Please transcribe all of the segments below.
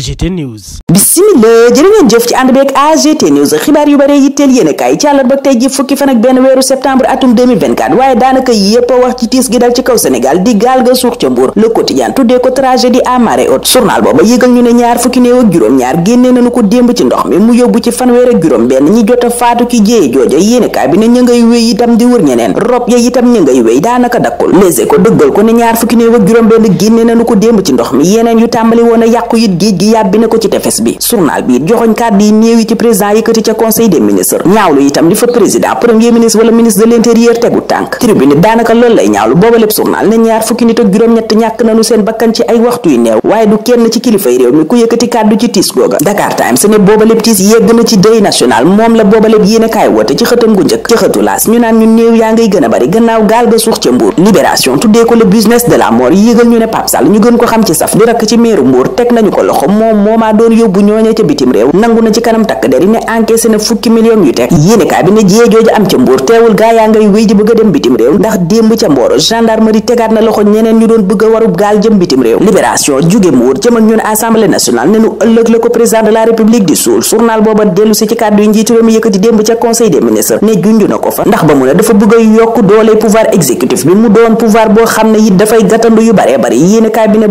AGT News. bisimilah jërë jëf ci ànd beeg AGT News xibaar yu bare yitteel yéen a kaay ci àllarba tey ji fukki fan ak benn weeru septembre atum waaye daanaka yépp a wax ci tiis gi dal ci kaw Sénégal di gaal ga suux ca Mbour Le Quotidien tuddee ko tragédie à marée haute journal booba ñu ne ñaar fukki néew ak juróom-ñaar génnee nañu ko démb ci ndox mi mu yóbbu ci fanweer ak juróom benn ñi jot a faatu ci jéye jooja yéen bi ne ñu ngay wéy di bi yàbbi na ko ci tefes bi journal bi joxoñ kàddu yi néew yi ci président yëkkati ca conseil des ministres ñaawlu itam li fa président premier ministre wala ministre de l'intérieur tegu tànk tribune Dakar Times ne booba lépp tiis yegg na ci deuil national moom la booba lépp yéene kaay ci xëtam gu njëkk ci xëtu laas ñu naan ñu néew yaa ngay gën bari gannaaw gaal ga suux ca mbuur libération tuddee ko le business de la mort yégal ñu ne Pape ñu gën moom moomaa doon yóbbu ñooñee ca bitim réew nangu na ci kanam takk der ne encaissé na fukki million yu teg yéenekaay bi ne mbuur teewul a ñu doon assemblée nationale ne nu ëllëg la ko président de la république di suul journal booba dellu si ci kàddu yi njiitu réew mi yëkkati démb ca conseil des ministres ne junju na ko fa ndax ba mu ne dafa bëgg a yokk doole pouvoir exécutif bi mu doon pouvoir boo xam ne dafay gàttandu yu baree bari yéenekaay bi ne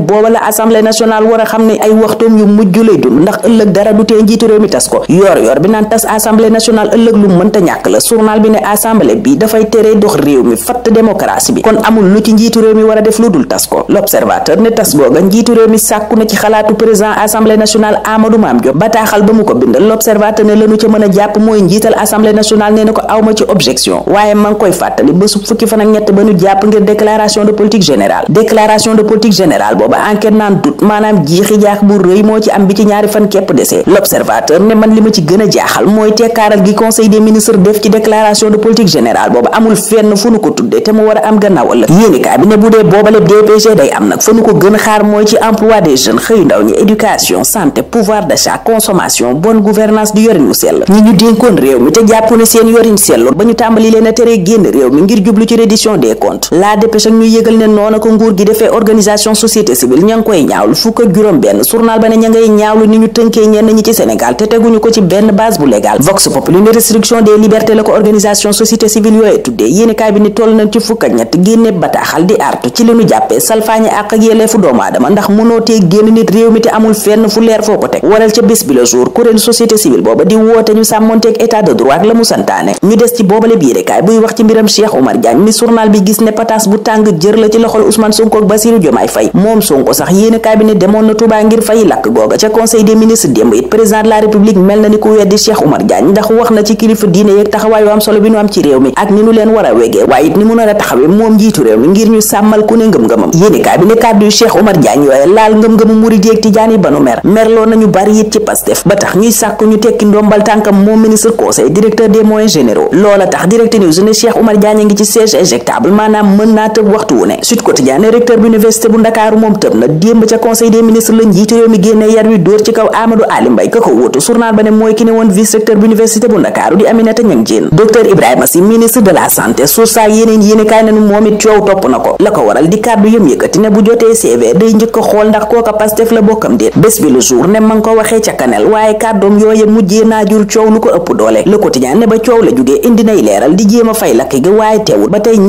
mbiram yu mujj lay dund ndax ëllëg dara du tee njiitu réew mi tas ko yor yor bi naan tas assemblée nationale ëllëg lu mënta ñàkk la journal bi ne assemblée bi dafay tere dox réew mi fatt démocratie bi kon amul lu ci njiitu réew mi war a ne ci xalaatu président assemblée nationale Amadou Mame Diop bataaxal ba mu ko bind l'observateur ne lanu ca mën a jàpp mooy njiital assemblée nationale nee na ko awma ci objection waaye ma koy fàttali ba ñu jàpp ngir yi moo ci am bi ci ñaari fan képp desee l'observateur ne man li ma ci gën jaaxal mooy tekkaaral gi conseil des ministres def ci déclaration de politique générale boobu amul fenn fu nu ko tuddee te mu war a am gannaaw ëllëg yéenikaay bi bu dee boobale DPG day am nag fa nu ko gën xaar mooy ci emploi des jeunes xëyu ndaw ñi éducation santé pouvoir d'achat consommation bonne gouvernance du yorin sell ñi ñu dénkoon réew mi te jàpp ne seen yorin selloon ba wane ña ngay ñaawlu ni ñu tënkee ñenn ñi ci Sénégal te teguñu ko ci benn base bu légal vox populi ne restriction des libertés la ko organisation société civile yooyee tuddee yéenekaay bi ni toll nañ ci fukk ak ñett génne bataaxal ndax mënootee génn nit réew mi te amul fenn fu leer foo ko teg waral ca bés bi le jour kuréelu société civile booba di woote ñu sàmmonteeg état de droit la mu santaane ñu des ci boobale bi yéenekaay buy wax ci mbiram Cheikh Oumar Diagne mi journal bi gis ne pataas bu tàng jër la ci loxol Ousmane Sonko ak Bassirou Diomaye moom Sonko sax yéenekaay bi ne demoon na Touba ngir fay la làkk googa ca conseil des ministres démb it président de la république mel na ni ku weddi Cheikh Oumar Diagne ndax wax na ci kilifa diine yeeg taxawaayu am solo bi nu am ci réew mi ak ni nu leen war a wegee waaye it ni mu a taxawee moom njiitu réew mi ngir ñu sàmmal ku ne ngëm-ngëmam yéenekaay bi ne kàddu yu Cheikh Oumar Diagne yooye laal ngëm-ngëmu murid yeeg tijaan yi ba nu mer merloo nañu bari it ci Pastef ba tax ñuy sàkk ñu tekki ndombal tànkam moom ministre génne yar wi dóor ci kaw Amadou Ali ka ko wutu journal ba ne mooy ki ne woon vice recteur bu université bu Ndakaaru di Aminata Ñang Jeen docteur Ibrahima Sy ministre de la santé source ak yeneen yéene kaay nañu moom it coow topp na ko la ko waral di kàddu yëm yëkkati ne bu jotee CV day njëkk a xool ndax kooka Pastef la bokkam déet bés bi le jour ne ma ko waxee ca kanel waaye kàddoom yooye mujjee naa coow lu ko ëpp doole la jugee indi nay leeral a ba tey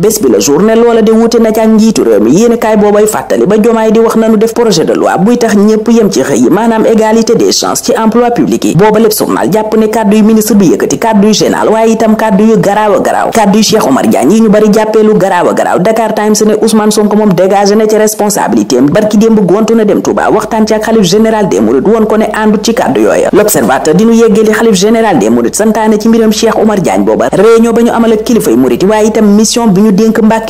a ne loola de wuute na ci njiitu réew mi yéen kaay boobay fàttali ba jomaay di wax nanu def projet de loi buy tax ñépp yem ci xëy yi maanaam égalité des chances ci emploi public yi booba lépp journal jàpp ne kàddu yu ministre bi yëkkati kàddu yu général waaye itam kàddu yu garaaw a garaaw kàddu yu Cheikh Omar Diagne yi ñu bari jàppeelu garaaw a garaaw Dakar Times ne Ousmane Sonko moom dégagé na ci responsabilité am barki démb gontu na dem Touba waxtaan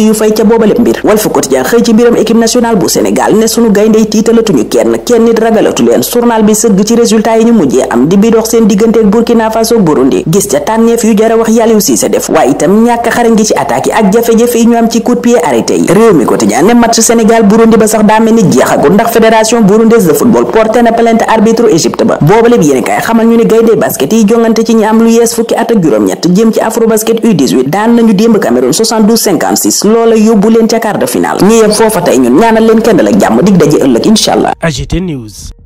yu fay ca boobale mbir Walf Quotidien xëy ci mbiram équipe nationale bu Sénégal ne sunu gayndey tiitalatuñu kenn kenn nit ragalatu leen journal bi sëgg ci résultat yi ñu mujjee am di bi seen diggante ak Burkina Faso Burundi gis ca tànneef yu jara wax Aliou Cissé def waaye itam ñàkk xarañ gi ci attaque yi ak jafe-jafe yi ñu am ci coup de pied yi réew mi Quotidien ne match Sénégal Burundi ba sax daa mel ni ndax fédération burundaise loola yóbbu leen ca quart de finale ñi yem foofa tey ñun ñaanal leen kenn la jàmm dig daje ëllëg incha allah News